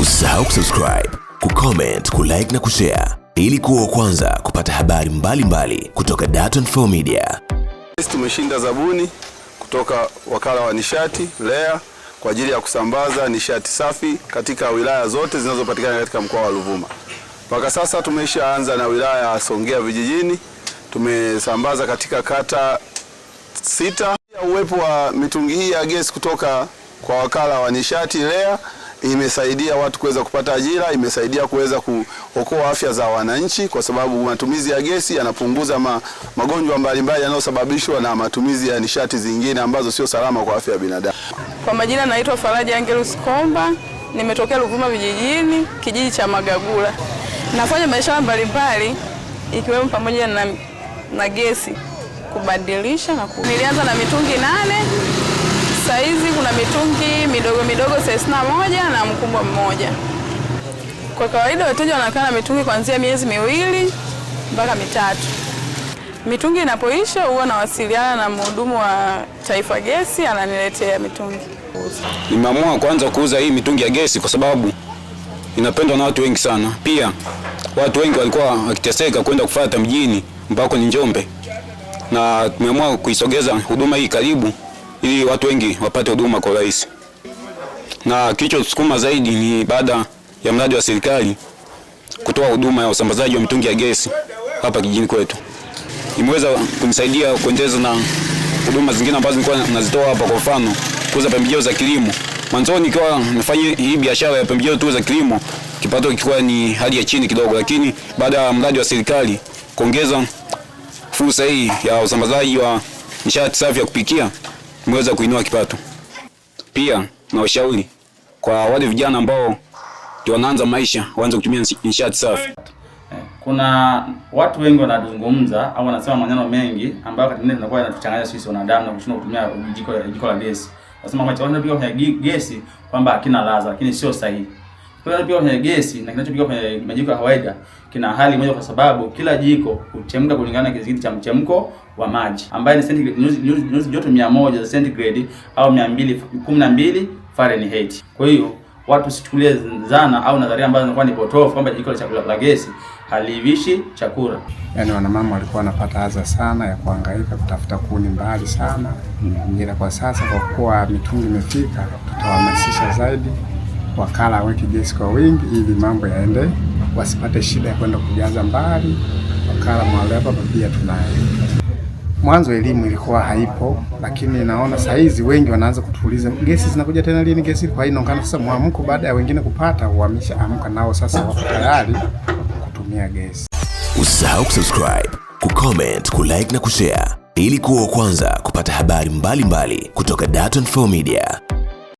Usisahau kusubscribe, kucomment, kulike na kushare ili kuwa kwanza kupata habari mbalimbali mbali kutoka Dar24 Media. Sisi tumeshinda zabuni kutoka wakala wa nishati REA kwa ajili ya kusambaza nishati safi katika wilaya zote zinazopatikana katika mkoa wa Ruvuma. Mpaka sasa tumeshaanza na wilaya ya Songea vijijini, tumesambaza katika kata sita. Uwepo wa mitungi hii ya gesi kutoka kwa wakala wa nishati REA imesaidia watu kuweza kupata ajira, imesaidia kuweza kuokoa afya za wananchi, kwa sababu matumizi ya gesi yanapunguza ma, magonjwa mbalimbali yanayosababishwa na matumizi ya nishati zingine ambazo sio salama kwa afya ya binadamu. Kwa majina naitwa Faraja Angelus Komba, nimetokea Ruvuma vijijini, kijiji cha Magagula. Nafanya biashara mbalimbali ikiwemo pamoja na, na gesi kubadilisha na ku... nilianza na mitungi nane Saizi kuna mitungi midogo midogo thelathini na na mkubwa mmoja. Kwa kawaida wateja wanakaa na mitungi kuanzia miezi miwili mpaka mitatu. Mitungi inapoisha huwa nawasiliana na mhudumu wa Taifa Gesi, ananiletea mitungi. Nimeamua kwanza kuuza hii mitungi ya gesi kwa sababu inapendwa na watu wengi sana. Pia watu wengi walikuwa wakiteseka kwenda kufata mjini mpaka ni Njombe, na tumeamua kuisogeza huduma hii karibu ili watu wengi wapate huduma kwa urahisi. Na kilichosukuma zaidi ni baada ya mradi wa serikali kutoa huduma ya usambazaji wa mitungi ya gesi hapa kijijini kwetu, imeweza kunisaidia kuendeleza na huduma zingine ambazo nilikuwa nazitoa hapa, kwa mfano kuuza pembejeo za kilimo. Mwanzoni nikiwa nafanya hii biashara ya pembejeo tu za kilimo, kipato kilikuwa ni hali ya chini kidogo, lakini baada ya mradi wa serikali kuongeza fursa hii ya usambazaji wa nishati safi ya kupikia mweza kuinua kipato. Pia na ushauri kwa wale vijana ambao ndio wanaanza maisha waanze kutumia nishati safi. Eh, kuna watu wengi wanazungumza au wanasema maneno mengi ambayo wakati mwingine tunakuwa yanatuchanganya sisi wanadamu na kushindwa kutumia jiko jiko la gesi. Nasema kwamba chakula tunapika kwa gesi kwamba hakina ladha, lakini sio sahihi. Kwa hiyo pia kwenye gesi na kinachopika kwenye majiko ya kawaida kina hali moja, kwa sababu kila jiko huchemka kulingana na kizigiti cha mchemko wa maji ambaye ni centigrade nyuzi joto 100 za centigrade au 212 Fahrenheit. Kwa hiyo watu usichukulie zana au nadharia ambazo zinakuwa ni potofu kwamba jiko la chakula la gesi halivishi chakula. Yaani wanamama walikuwa wanapata adha sana ya kuhangaika kutafuta kuni mbali sana, ila kwa sasa kwa kuwa mitungi imefika, tutawahamasisha zaidi wakala aweke gesi kwa wingi ili mambo yaende, wasipate shida ya kwenda kujaza mbali. Wakala mwaleva pia tunaye. Mwanzo elimu ilikuwa haipo, lakini naona saa hizi wengi wanaanza kutuuliza gesi zinakuja tena lini, gesi kwa hiyo inaonekana sasa mwamko baada ya wengine kupata, uhamisha amka nao sasa wako tayari kutumia gesi. Usisahau kusubscribe, kucomment, kulike na kushare ili kuwa wa kwanza kupata habari mbalimbali mbali kutoka Dar24 Media.